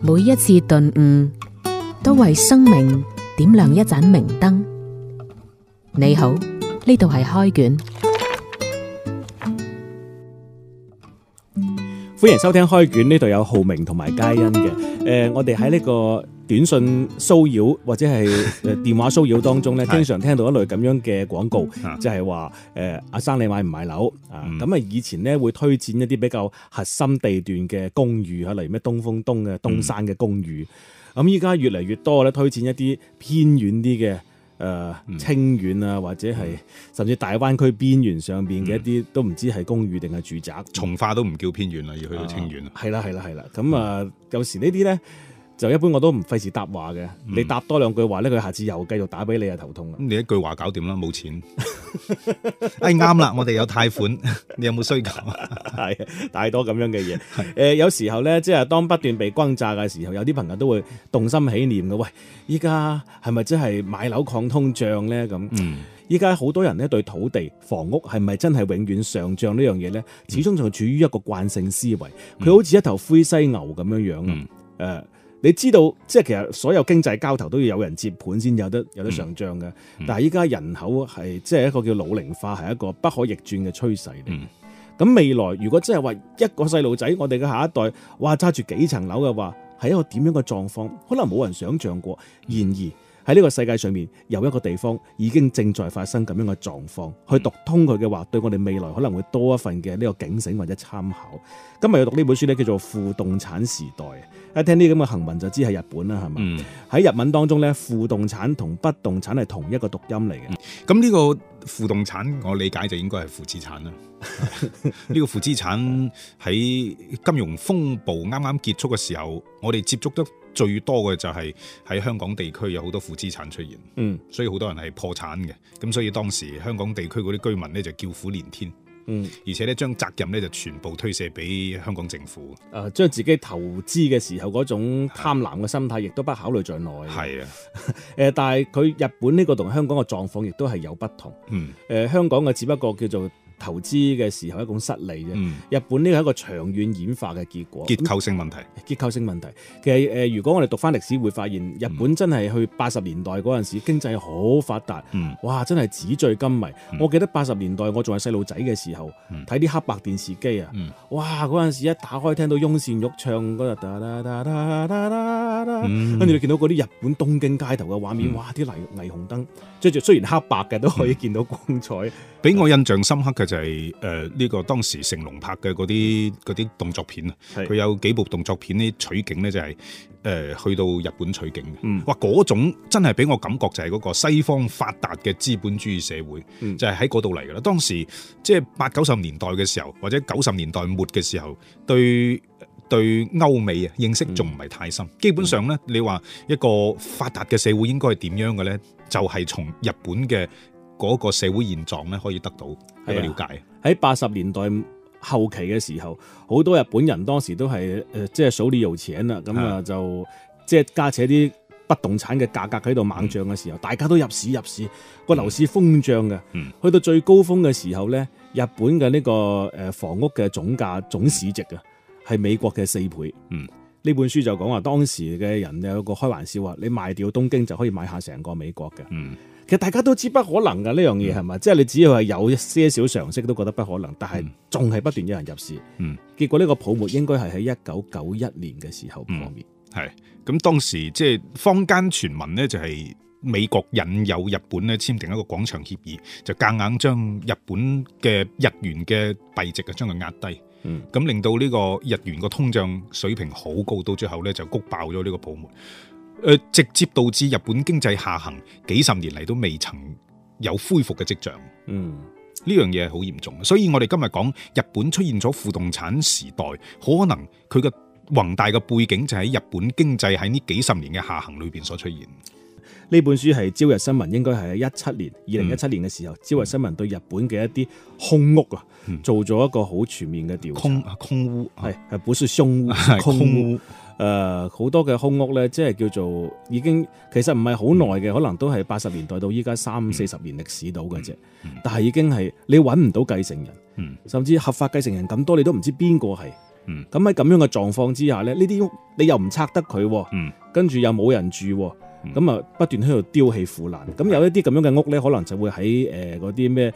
每一次頓悟，都為生命點亮一盞明燈。你好，呢度係開卷，歡迎收聽開卷。呢度有浩明同埋佳恩嘅，誒、呃，我哋喺呢個。短信騷擾或者係誒電話騷擾當中咧， 的經常聽到一類咁樣嘅廣告，即係話誒阿生你買唔買樓？嗯、啊。咁啊以前咧會推薦一啲比較核心地段嘅公寓嚇，例如咩東風東嘅東山嘅公寓。咁依家越嚟越多咧，推薦一啲偏遠啲嘅誒清遠啊，或者係甚至大灣區邊緣上邊嘅一啲、嗯、都唔知係公寓定係住宅。從化都唔叫偏遠啦，要去到清遠喇。係啦係啦係啦，咁、嗯、啊有時這些呢啲咧。就一般我都唔費事答話嘅，你答多兩句話咧，佢下次又繼續打俾你啊，頭痛啊、嗯！你一句話搞掂啦，冇錢。 哎，啱啦，我哋有貸款， 你有冇需求啊？係，太多咁樣嘅嘢。誒的、呃，有時候咧，即係當不斷被轟炸嘅時候，有啲朋友都會動心起念嘅。喂，依家係咪真係買樓抗通脹咧？咁，依家好多人咧對土地、房屋係咪真係永遠上漲呢樣嘢咧？始終仲係處於一個慣性思維，佢、嗯、好似一頭灰犀牛咁樣樣誒。嗯呃你知道，即係其實所有經濟交投都要有人接盤先有得有得上漲嘅。嗯、但係依家人口係即係一個叫老齡化，係一個不可逆轉嘅趨勢嚟。咁、嗯、未來如果真係話一個細路仔，我哋嘅下一代，哇揸住幾層樓嘅話，係一個點樣嘅狀況？可能冇人想象過。然而喺呢個世界上面，有一個地方已經正在發生咁樣嘅狀況。去讀通佢嘅話，對我哋未來可能會多一份嘅呢個警醒或者參考。今日要讀呢本書呢，叫做《負動產時代》。一聽呢啲咁嘅行文就知係日本啦，係嘛？喺、嗯、日文當中咧，負動產同不動產係同一個讀音嚟嘅。咁呢個負動產，我理解就應該係負資產啦。呢 個負資產喺金融風暴啱啱結束嘅時候，我哋接觸得最多嘅就係喺香港地區有好多負資產出現。嗯，所以好多人係破產嘅。咁所以當時香港地區嗰啲居民咧就叫苦連天。嗯，而且咧將責任咧就全部推卸俾香港政府，誒，將自己投資嘅時候嗰種貪婪嘅心態，亦都不考慮在內。係啊的， 但係佢日本呢個同香港嘅狀況亦都係有不同。嗯，誒，香港嘅只不過叫做。投資嘅時候一種失利啫。日本呢個係一個長遠演化嘅結果，結構性問題。結構性問題。其實誒，如果我哋讀翻歷史會發現，日本真係去八十年代嗰陣時經濟好發達，哇！真係紙醉金迷。我記得八十年代我仲係細路仔嘅時候，睇啲黑白電視機啊，哇！嗰陣時一打開聽到翁倩玉唱嗰陣，跟住你見到嗰啲日本東京街頭嘅畫面，哇！啲霓霓虹燈，即係雖然黑白嘅都可以見到光彩。俾我印象深刻嘅。就係誒呢個當時成龍拍嘅嗰啲嗰啲動作片啊，佢是的 有幾部動作片咧取景呢，就係，就係誒去到日本取景嘅。嗯，哇嗰種真係俾我感覺就係嗰個西方發達嘅資本主義社會，嗯，就係喺嗰度嚟噶啦。當時即係八九十年代嘅時候，或者九十年代末嘅時候，對對歐美啊認識仲唔係太深，嗯，基本上咧你話一個發達嘅社會應該係點樣嘅咧，就係、係、從日本嘅。嗰個社會現狀咧，可以得到、啊、一個了解。喺八十年代後期嘅時候，好多日本人當時都係誒，即、呃、係、就是、數呢條錢啦。咁啊，就即係加上啲不動產嘅價格喺度猛漲嘅時候，嗯、大家都入市入市，個樓市瘋漲嘅。嗯，嗯，去到最高峰嘅時候咧，日本嘅呢個誒房屋嘅總價總市值啊，係、嗯、美國嘅四倍。嗯，呢本書就講話當時嘅人有個開玩笑話：你賣掉東京就可以買下成個美國嘅。嗯。其實大家都知這件事不可能噶，呢樣嘢，係咪？即係你只要係有一些少常識都覺得不可能，但係仲係不斷有人入市，嗯、結果呢個泡沫應該係喺一九九一年嘅時候破滅。係咁、嗯、當時即係、就是、坊間傳聞呢，就係、是、美國引誘日本呢，簽訂一個廣場協議，就夾硬將日本嘅日元嘅幣值啊將佢壓低，咁、嗯、令到呢個日元個通脹水平好高，到最後呢，就谷爆咗呢個泡沫。誒、呃，直接導致日本經濟下行，幾十年嚟都未曾有恢復嘅跡象。嗯，呢樣嘢係好嚴重，所以我哋今日講日本出現咗負動產時代，可能佢嘅宏大嘅背景就喺日本經濟喺呢幾十年嘅下行裏邊所出現。呢本書係《朝日新聞》，應該係喺一七年二零一七年嘅時候，嗯，《朝日新聞》對日本嘅一啲空屋啊，做咗一個好全面嘅調查。空空屋係、啊，係不是胸屋，空屋。空屋誒好、呃、多嘅空屋咧，即係叫做已經其實唔係好耐嘅，嗯、可能都係八十年代到依家三四十年歷史到嘅啫。嗯嗯、但係已經係你揾唔到繼承人，嗯、甚至合法繼承人咁多，你都唔知邊個係。咁喺咁樣嘅狀況之下咧，呢啲屋你又唔拆得佢，嗯、跟住又冇人住，咁啊、嗯、不斷喺度丟棄腐爛。咁、嗯、有一啲咁樣嘅屋咧，可能就會喺嗰啲咩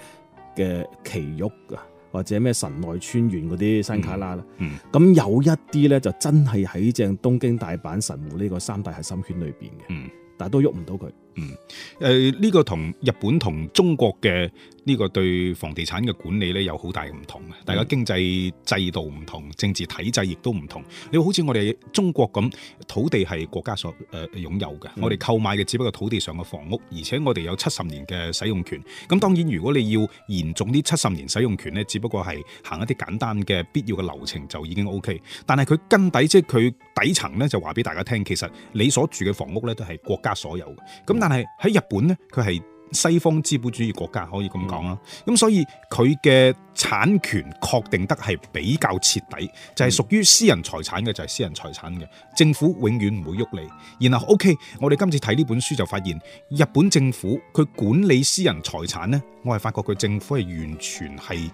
嘅奇屋啊。或者咩神奈川縣嗰啲山卡拉啦，咁、嗯嗯、有一啲咧就真係喺正東京大阪神戶呢個三大核心圈裏面嘅，嗯、但都喐唔到佢。嗯，誒、呃、呢，這個同日本同中國嘅，呢，這個對房地產嘅管理呢，有好大唔同嘅，大家經濟制度唔同，政治體制亦都唔同。你好似我哋中國咁，土地係國家所、呃、擁有嘅。嗯、我哋購買嘅只不過土地上嘅房屋，而且我哋有七十年嘅使用權。咁當然，如果你要延續呢七十年使用權呢，只不過係行一啲簡單嘅必要嘅流程就已經 OK。但係佢根底即係佢底層呢，就話俾大家聽，其實你所住嘅房屋呢，都係國家所有嘅，咁。但係喺日本咧，佢係西方資本主義國家，可以咁講啦。咁所以佢嘅產權確定得係比較徹底，就係屬於私人財產嘅就係私人財產嘅，政府永遠唔會喐你。然後 OK，我哋今次睇呢本書就發現，日本政府佢管理私人財產呢，我係發覺佢政府係完全係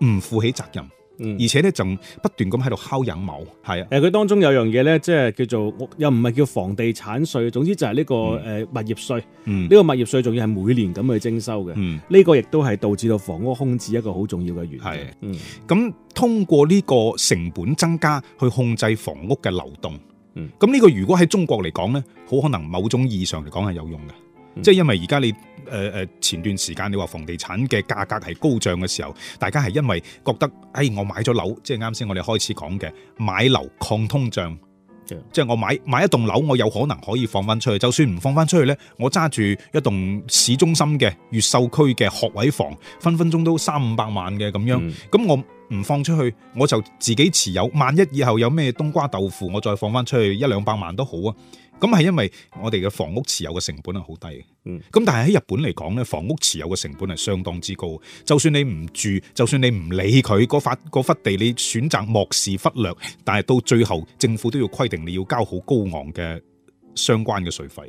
唔負起責任。嗯、而且咧，仲不斷咁喺度敲引毛，係啊。誒，佢當中有樣嘢咧，即、就、係、是、叫做又唔係叫房地產稅，總之就係呢、這個誒、嗯呃、物業稅。呢、嗯、個物業稅仲要係每年咁去徵收嘅。嗯，呢個亦都係導致到房屋空置一個好重要嘅原因。係、啊。咁、嗯嗯、通過呢個成本增加去控制房屋嘅流動。嗯，咁呢個如果喺中國嚟講咧，好可能某種意義上嚟講係有用嘅。即係、嗯、因為而家你。誒誒，前段時間你話房地產嘅價格係高漲嘅時候，大家係因為覺得，哎，我買咗樓，即係啱先我哋開始講嘅買樓抗通脹，嗯、即係我買，買一棟樓，我有可能可以放翻出去。就算唔放翻出去呢，我揸住一棟市中心嘅越秀區嘅學位房，分分鐘都三五百萬嘅咁樣。咁、嗯、我唔放出去，我就自己持有。萬一以後有咩冬瓜豆腐，我再放翻出去一兩百萬都好啊。咁係因為我哋嘅房屋持有嘅成本係好低，咁但係喺日本嚟講咧，房屋持有嘅成本係相當之高。就算你唔住，就算你唔理佢，嗰忽地你選擇漠視忽略，但係到最後政府都要規定你要交好高昂嘅相關嘅稅費。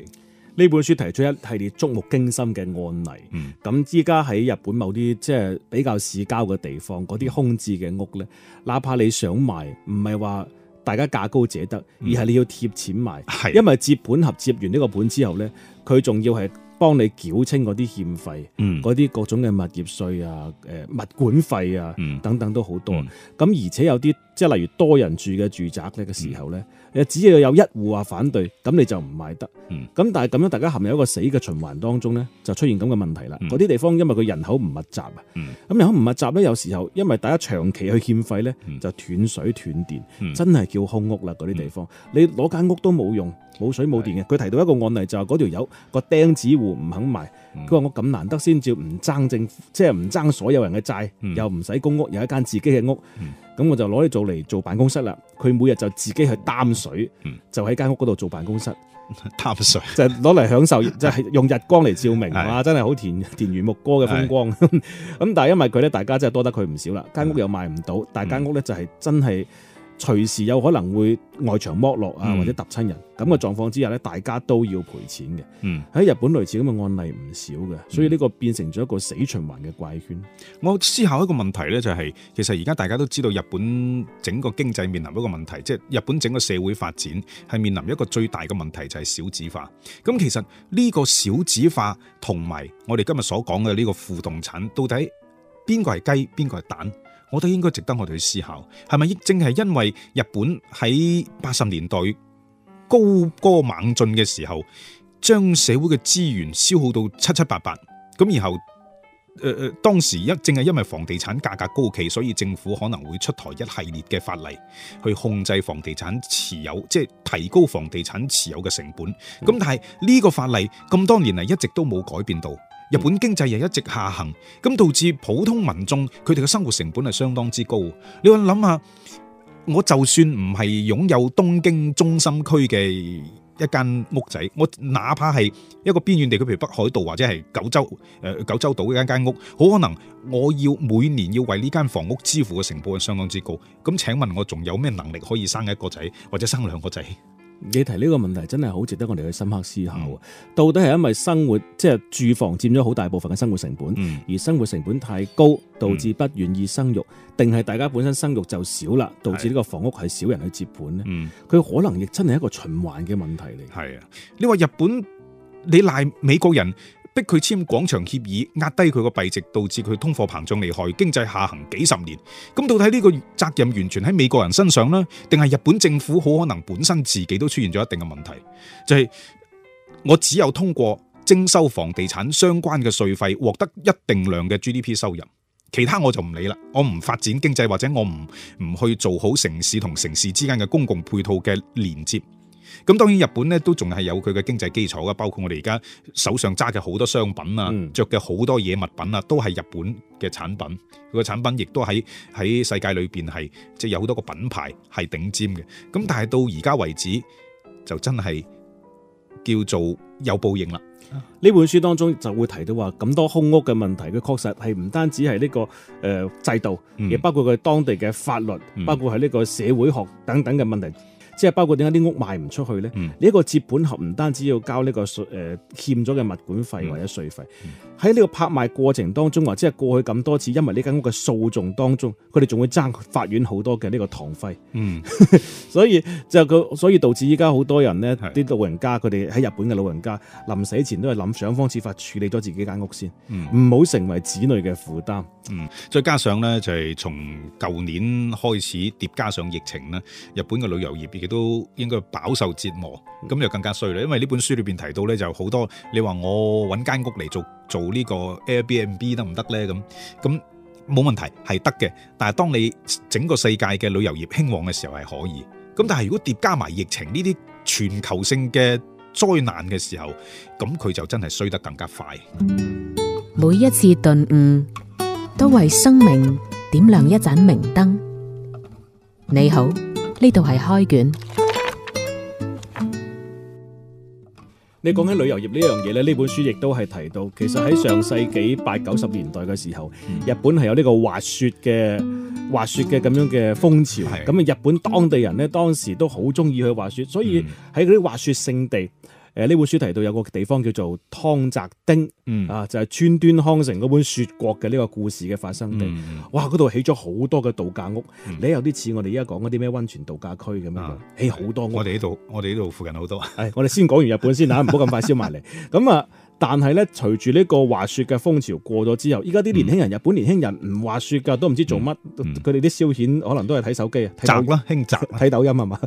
呢本書提出一系列觸目驚心嘅案例，嗯，咁依家喺日本某啲即係比較市郊嘅地方，嗰啲空置嘅屋咧，哪怕你想賣，唔係話，大家價高者得，而係你要貼錢賣，嗯、因為接盤俠接完呢個盤之後咧，佢仲要係幫你繳清嗰啲欠費，嗰啲、嗯、各種嘅物業稅啊、呃、物管費啊、嗯、等等都好多。咁、嗯、而且有啲即係例如多人住嘅住宅咧嘅時候咧。嗯你只要有一戶話反對，咁你就唔賣得。咁但係咁樣，大家陷入一個死嘅循環當中呢，就出現咁嘅問題啦。嗰啲地方因為佢人口唔密集啊，咁人口唔密集呢，有時候因為大家長期去欠費呢，就斷水斷電，真係叫空屋啦。嗰啲地方你攞間屋都冇用，冇水冇電嘅。佢提到一個案例就係嗰條友個釘子戶唔肯賣，佢話我咁難得先至唔爭政府，即係唔爭所有人嘅債，又唔使供屋，有一間自己嘅屋。咁我就攞嚟做嚟做辦公室啦，佢每日就自己去擔水，就喺間屋嗰度做辦公室。擔水、嗯、就攞嚟享受，即、就、係、係、用日光嚟照明啊！嗯、真係好田田園牧歌嘅風光。咁、嗯、但係因為佢咧，大家真係多得佢唔少啦，間屋又賣唔到，嗯、但係間屋咧就係真係。隨時有可能會外牆剝落啊，或者揼親人咁嘅、嗯、狀況之下咧，大家都要賠錢嘅。喺、嗯、日本類似咁嘅案例唔少嘅，嗯、所以呢個變成咗一個死循環嘅怪圈。我思考一個問題咧、就是，就係其實而家大家都知道日本整個經濟面臨一個問題，即、就、係、是、日本整個社會發展係面臨一個最大嘅問題就係、是、少子化。咁其實呢個少子化同埋我哋今日所講嘅呢個負動產，到底邊個係雞，邊個係蛋？我都應該值得我哋去思考，係咪亦正係因為日本喺八十年代高歌猛進嘅時候，將社會嘅資源消耗到七七八八，咁然後，誒、呃、誒，當時一正係因為房地產價格高企，所以政府可能會出台一系列嘅法例去控制房地產持有，即係提高房地產持有嘅成本。咁但係呢個法例咁多年嚟一直都冇改變到。日本經濟又一直下行，咁導致普通民眾佢哋嘅生活成本係相當之高。你去諗下，我就算唔係擁有東京中心區嘅一間屋仔，我哪怕係一個邊遠地區，譬如北海道或者係九州，誒、呃、九州島一間間屋，好可能我要每年要為呢間房屋支付嘅成本係相當之高。咁請問我仲有咩能力可以生一個仔，或者生兩個仔？你提呢個問題真係好值得我哋去深刻思考啊！嗯、到底係因為生活即係住房佔咗好大部分嘅生活成本，嗯、而生活成本太高導致不願意生育，定係、嗯、大家本身生育就少啦，導致呢個房屋係少人去接盤呢？佢、嗯、可能亦真係一個循環嘅問題嚟。係啊，你話日本，你賴美國人。逼佢簽廣場協議，壓低佢個幣值，導致佢通貨膨脹厲害，經濟下行幾十年。咁到底呢個責任完全喺美國人身上呢？定係日本政府好可能本身自己都出現咗一定嘅問題？就係我只有通過徵收房地產相關嘅稅費，獲得一定量嘅 GDP 收入，其他我就唔理啦。我唔發展經濟，或者我唔唔去做好城市同城市之間嘅公共配套嘅連接。咁當然日本咧都仲係有佢嘅經濟基礎啊，包括我哋而家手上揸嘅好多商品啊，着嘅好多嘢物品啊，都係日本嘅產品。佢個產品亦都喺喺世界裏邊係即係有好多個品牌係頂尖嘅。咁但係到而家為止就真係叫做有報應啦。呢本書當中就會提到話咁多空屋嘅問題，佢確實係唔單止係呢個誒制度，亦、嗯、包括佢當地嘅法律，嗯、包括係呢個社會學等等嘅問題。即係包括點解啲屋賣唔出去咧？呢一、嗯、個接盤俠唔單止要交呢、呢個稅、呃，欠咗嘅物管費或者稅費，喺呢、嗯、個拍賣過程當中，或者係過去咁多次，因為呢間屋嘅訴訟當中，佢哋仲會爭法院好多嘅呢個堂費。嗯， 所以就所以導致依家好多人咧，啲的老人家佢哋喺日本嘅老人家臨死前都係諗想，想方設法處理咗自己間屋先，唔好、嗯、成為子女嘅負擔。嗯，再加上咧就係、係、從舊年開始疊加上疫情咧，日本嘅旅遊業都應該飽受折磨，咁就更加衰啦。因為呢本書裏邊提到咧，就好多你話我搵間屋嚟，做做呢個 Airbnb 得唔得咧？咁咁冇問題，係得嘅，但係當你整個世界嘅旅遊業興旺嘅時候係可以，咁但係如果疊加埋疫情呢啲全球性嘅災難嘅時候，咁佢就真係衰得更加快。每一次頓悟都為生命點亮一盞明燈。你好。呢度係開卷。你講緊旅遊業呢樣嘢咧，呢本書亦都係提到，其實喺上世紀八九十年代嘅時候，嗯、日本係有呢個滑雪嘅滑雪嘅咁樣嘅風潮，咁啊的日本當地人呢，當時都好中意去滑雪，所以喺嗰啲滑雪勝地。嗯誒呢本書提到有個地方叫做湯澤町啊，就係、是、川端康成嗰本《雪國》嘅呢個故事嘅發生地。嗯、哇！嗰度起咗好多嘅度假屋，嗯、你有啲似我哋而家講嗰啲咩温泉度假區咁樣。起好、啊、多屋。我哋呢度，我哋呢度附近好多。係、哎，我哋先講完日本先嚇，唔好咁快燒埋嚟。咁 啊～但係咧，隨住呢個滑雪嘅風潮過咗之後，依家啲年輕人，嗯、日本年輕人唔滑雪噶，都唔知做乜，佢哋啲消遣可能都係睇手機啊，宅啦，興宅，睇抖音啊嘛，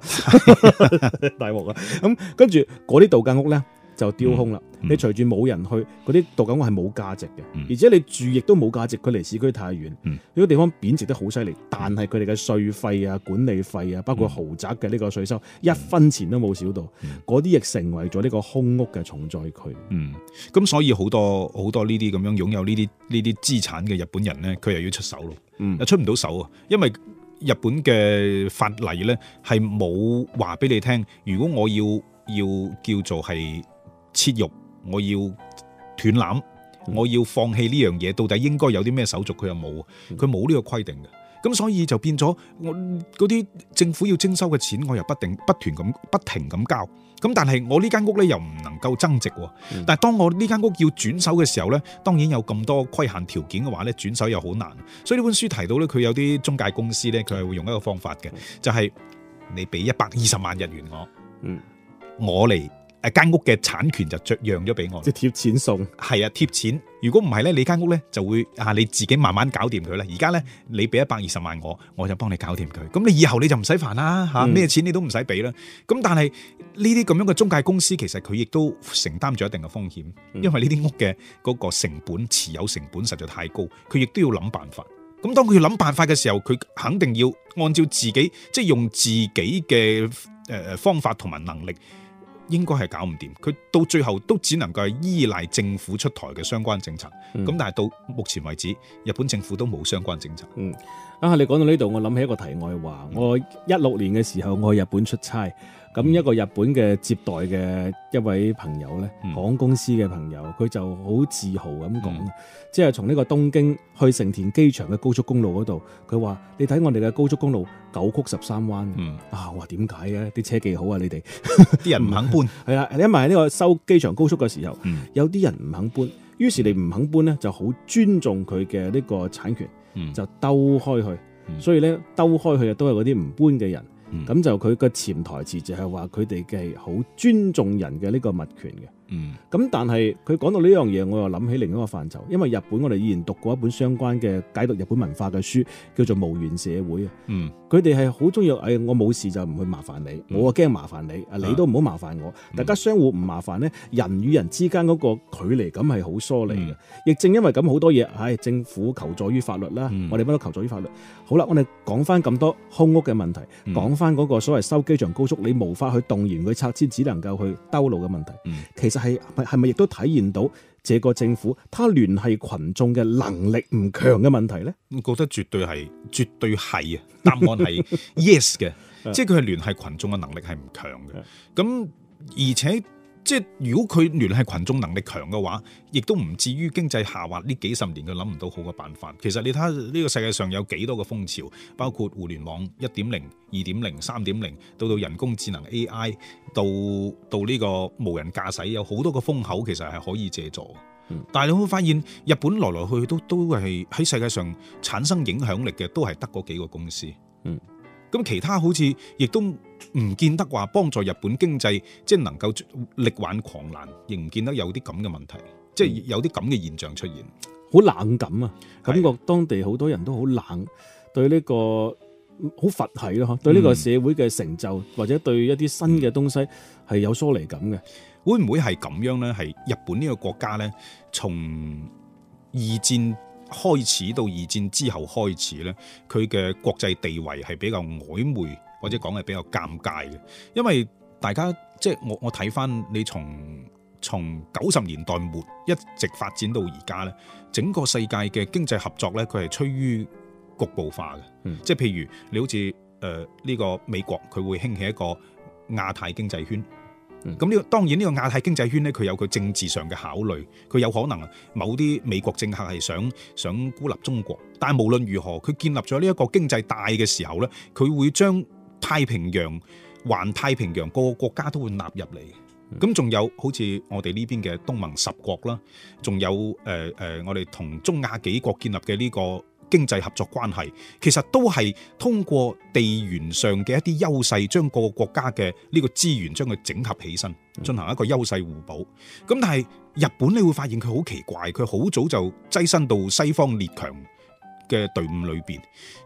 大鑊啊！咁跟住嗰啲度假屋咧。就丟空啦！你隨住冇人去，嗰啲度假屋係冇價值嘅，而且你住亦都冇價值。佢離市區太遠，呢個地方貶值得好犀利。但係佢哋嘅稅費啊、管理費啊，包括豪宅嘅呢個稅收，一分錢都冇少到。嗰啲亦成為咗呢個空屋嘅重災區。咁所以好多好多呢啲咁樣擁有呢啲呢啲資產嘅日本人咧，佢又要出手咯。又出唔到手啊，因為日本嘅法例咧係冇話俾你聽，如果我要要叫做係。切肉，我要斷纜，我要放棄呢樣嘢，到底應該有啲咩手續？佢又冇，佢冇呢個規定嘅，咁所以就變咗我嗰啲政府要徵收嘅錢，我又不定不斷咁不停咁交，咁但係我呢間屋呢，又唔能夠增值喎。但係當我呢間屋要轉手嘅時候呢，當然有咁多規限條件嘅話呢，轉手又好難。所以呢本書提到呢，佢有啲中介公司呢，佢係會用一個方法嘅，就係你俾一百二十萬日元我，嗯，我嚟。誒間屋嘅產權就著讓咗俾我，即係貼錢送。係啊，貼錢。如果唔係咧，你間屋咧就會嚇你自己慢慢搞掂佢啦。而家咧，你俾一百二十萬我，我就幫你搞掂佢。咁你以後你就唔使煩啦嚇，咩、嗯、錢你都唔使俾啦。咁但係呢啲咁樣嘅中介公司，其實佢亦都承擔咗一定嘅風險，因為呢啲屋嘅嗰個成本，持有成本實在太高，佢亦都要諗辦法。咁當佢要諗辦法嘅時候，佢肯定要按照自己，即係用自己嘅誒方法同埋能力。應該係搞唔掂，佢到最後都只能夠係依賴政府出台嘅相關政策。咁、嗯、但係到目前為止，日本政府都冇相關政策。嗯，啊，你講到呢度，我諗起一個題外話。我一六年嘅時候，我去日本出差。咁一個日本嘅接待嘅一位朋友咧，港公司嘅朋友，佢就好自豪咁講，嗯、即係從呢個東京去成田機場嘅高速公路嗰度，佢話：你睇我哋嘅高速公路九曲十三彎，嗯、啊我話點解嘅？啲車幾好啊！你哋啲人唔肯搬，係啦， 因為喺呢個修機場高速嘅時候，有啲人唔肯搬，於是你唔肯搬咧，就好尊重佢嘅呢個產權，就兜開去，所以咧兜開去嘅都係嗰啲唔搬嘅人。咁就佢個潛台詞就係話佢哋嘅係好尊重人嘅呢個物權嘅。咁、嗯、但係佢講到呢樣嘢，我又諗起另一個範疇，因為日本我哋以前讀過一本相關嘅解讀日本文化嘅書，叫做無緣社會啊。嗯，佢哋係好中意，哎，我冇事就唔去麻煩你，嗯、我啊驚麻煩你，啊你都唔好麻煩我，嗯、大家相互唔麻煩咧，人與人之間嗰個距離感係好疏離嘅。亦、嗯、正因為咁，好多嘢，唉，政府求助於法律啦，嗯、我哋乜都求助於法律。好啦，我哋講翻咁多空屋嘅問題，講翻嗰個所謂收機場高速，你無法去動員去拆遷，只能夠去兜路嘅問題，其實、嗯。係咪，係咪亦都體現到這個政府，佢聯繫群眾嘅能力唔強嘅問題咧？我覺得絕對係，絕對係啊！答案係 yes 嘅， 即係佢係聯繫群眾嘅能力係唔強嘅。咁而且。即係如果佢聯繫群眾能力強嘅話，亦都唔至於經濟下滑呢幾十年佢諗唔到好嘅辦法。其實你睇下呢個世界上有幾多個風潮，包括互聯網一點零、二點零、三點零，到到人工智能 AI，到到呢個無人駕駛，有好多個風口其實係可以借助。嗯、但係你會發現日本來來去去都都係喺世界上產生影響力嘅，都係得嗰幾個公司。嗯。咁其他好似亦都唔見得話幫助日本經濟，即係能夠力挽狂瀾，仍唔見得有啲咁嘅問題，嗯、即係有啲咁嘅現象出現。好冷感啊，是感覺當地好多人都好冷，對呢、呢個好佛系咯，對呢個社會嘅成就、嗯、或者對一啲新嘅東西係有疏離感嘅。會唔會係咁樣咧？係日本呢個國家咧，從二戰。開始到二戰之後開始咧，佢嘅國際地位係比較曖昧或者講係比較尷尬嘅，因為大家即係我我睇返你從從九十年代末一直發展到而家咧，整個世界嘅經濟合作咧，佢係趨於局部化嘅，嗯、即係譬如你好似誒呢個美國，佢會興起一個亞太經濟圈。咁呢、這個當然呢個亞太經濟圈咧，佢有佢政治上嘅考慮，佢有可能某啲美國政客係想想孤立中國，但係無論如何，佢建立咗呢一個經濟帶嘅時候呢，佢會將太平洋環太平洋各個國家都會納入嚟。咁仲有好似我哋呢邊嘅東盟十國啦，仲有誒誒、呃、我哋同中亞幾國建立嘅呢、這個。經濟合作關係其實都係通過地緣上嘅一啲優勢，將各個國家嘅呢個資源將佢整合起身，進行一個優勢互補。咁但係日本，你會發現佢好奇怪，佢好早就躋身到西方列強嘅隊伍裏邊。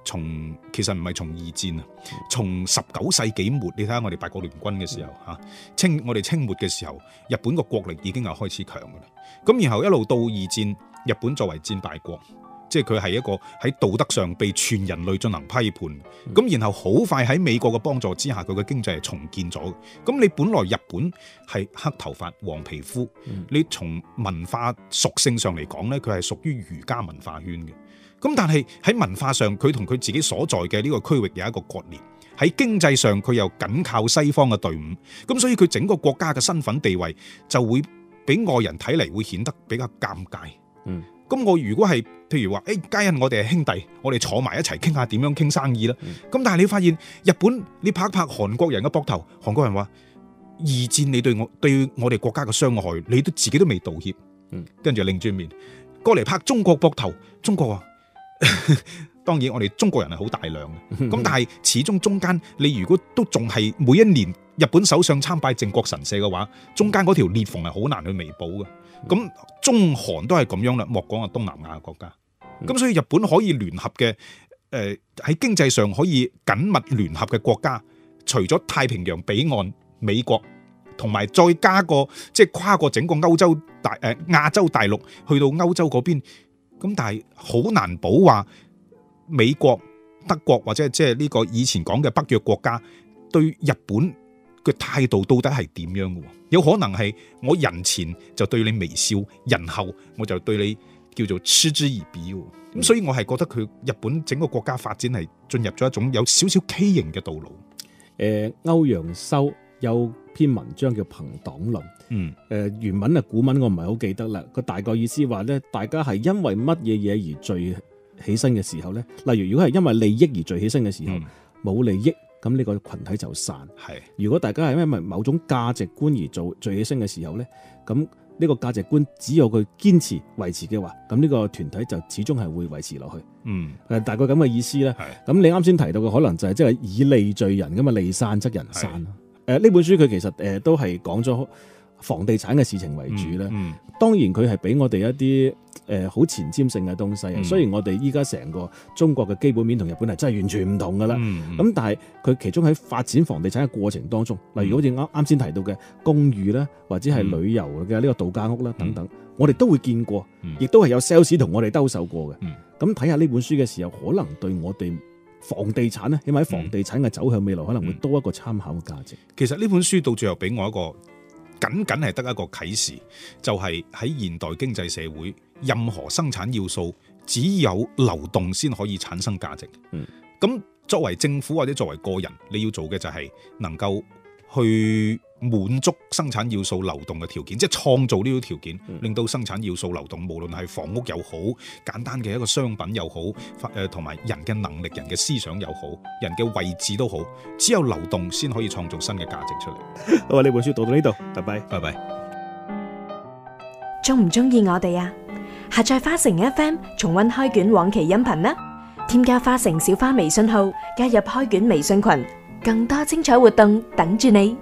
從其實唔係從二戰啊，從十九世紀末，你睇下我哋八國聯軍嘅時候嚇，嗯、清我哋清末嘅時候，日本個國力已經係開始強噶啦。咁然後一路到二戰，日本作為戰敗國。即係佢係一個喺道德上被全人類進行批判，咁然後好快喺美國嘅幫助之下，佢嘅經濟係重建咗。咁你本來日本係黑頭髮、黃皮膚，嗯、你從文化屬性上嚟講呢，佢係屬於儒家文化圈嘅。咁但係喺文化上，佢同佢自己所在嘅呢個區域有一個割裂。喺經濟上，佢又緊靠西方嘅隊伍，咁所以佢整個國家嘅身份地位就會俾外人睇嚟會顯得比較尷尬。嗯。咁我如果係，譬如話，誒、哎，皆因我哋係兄弟，我哋坐埋一齊傾下點樣傾生意啦。咁、嗯、但係你發現日本，你拍一拍韓國人嘅膊頭，韓國人話，二戰你對我對我哋國家嘅傷害，你都自己都未道歉，跟住就擰轉面過嚟拍中國膊頭，中國啊！ 當然，我哋中國人係好大量嘅。咁但係，始終中間你如果都仲係每一年日本首相參拜靖國神社嘅話，中間嗰條裂縫係好難去彌補嘅。咁中韓都係咁樣啦，莫講啊東南亞國家。咁所以日本可以聯合嘅，誒喺經濟上可以緊密聯合嘅國家，除咗太平洋彼岸美國，同埋再加個即係跨過整個歐洲大誒亞洲大陸去到歐洲嗰邊。咁但係好難保話。美國、德國或者即係呢個以前講嘅北約國家對日本嘅態度到底係點樣嘅？有可能係我人前就對你微笑，人後我就對你叫做嗤之以鼻。咁所以我係覺得佢日本整個國家發展係進入咗一種有少少畸形嘅道路。誒、呃，歐陽修有篇文章叫《朋黨論》，嗯，誒、呃、原文啊古文我唔係好記得啦，佢大概意思話咧，大家係因為乜嘢嘢而聚？起身嘅時候咧，例如如果係因為利益而聚起身嘅時候，冇、嗯、利益咁呢個群體就散。係的如果大家係因為某種價值觀而做聚起身嘅時候咧，咁呢個價值觀只有佢堅持維持嘅話，咁呢個團體就始終係會維持落去。嗯，誒，大概咁嘅意思啦。咁的你啱先提到嘅可能就係即係以利聚人咁啊，利散則人散咯。誒的，呢、呃、本書佢其實誒、呃、都係講咗。房地產嘅事情為主咧，嗯嗯、當然佢係俾我哋一啲誒好前瞻性嘅東西啊。嗯、雖然我哋依家成個中國嘅基本面同日本係真係完全唔同噶啦，咁、嗯嗯、但係佢其中喺發展房地產嘅過程當中，嗯、例如好似啱啱先提到嘅公寓啦，或者係旅遊嘅呢個度假屋啦等等，嗯、我哋都會見過，亦都係有 sales 同我哋兜售過嘅。咁睇下呢本書嘅時候，可能對我哋房地產咧，起碼喺房地產嘅走向未來可能會多一個參考嘅價值。其實呢本書到最後俾我一個。僅僅係得一個啟示，就係喺現代經濟社會，任何生產要素只有流動先可以產生價值。咁作為政府或者作為個人，你要做嘅就係能夠。去滿足生產要素流動嘅條件，即係創造呢啲條件，令到生產要素流動。無論係房屋又好，簡單嘅一個商品又好，誒同埋人嘅能力、人嘅思想又好，人嘅位置都好。只有流動先可以創造新嘅價值出嚟。好，我呢本書讀到呢度，拜拜，拜拜。中唔中意我哋啊？下載花城 FM，重溫開卷往期音頻啦！添加花城小花微信號，加入開卷微信群。更多精彩活動等住你！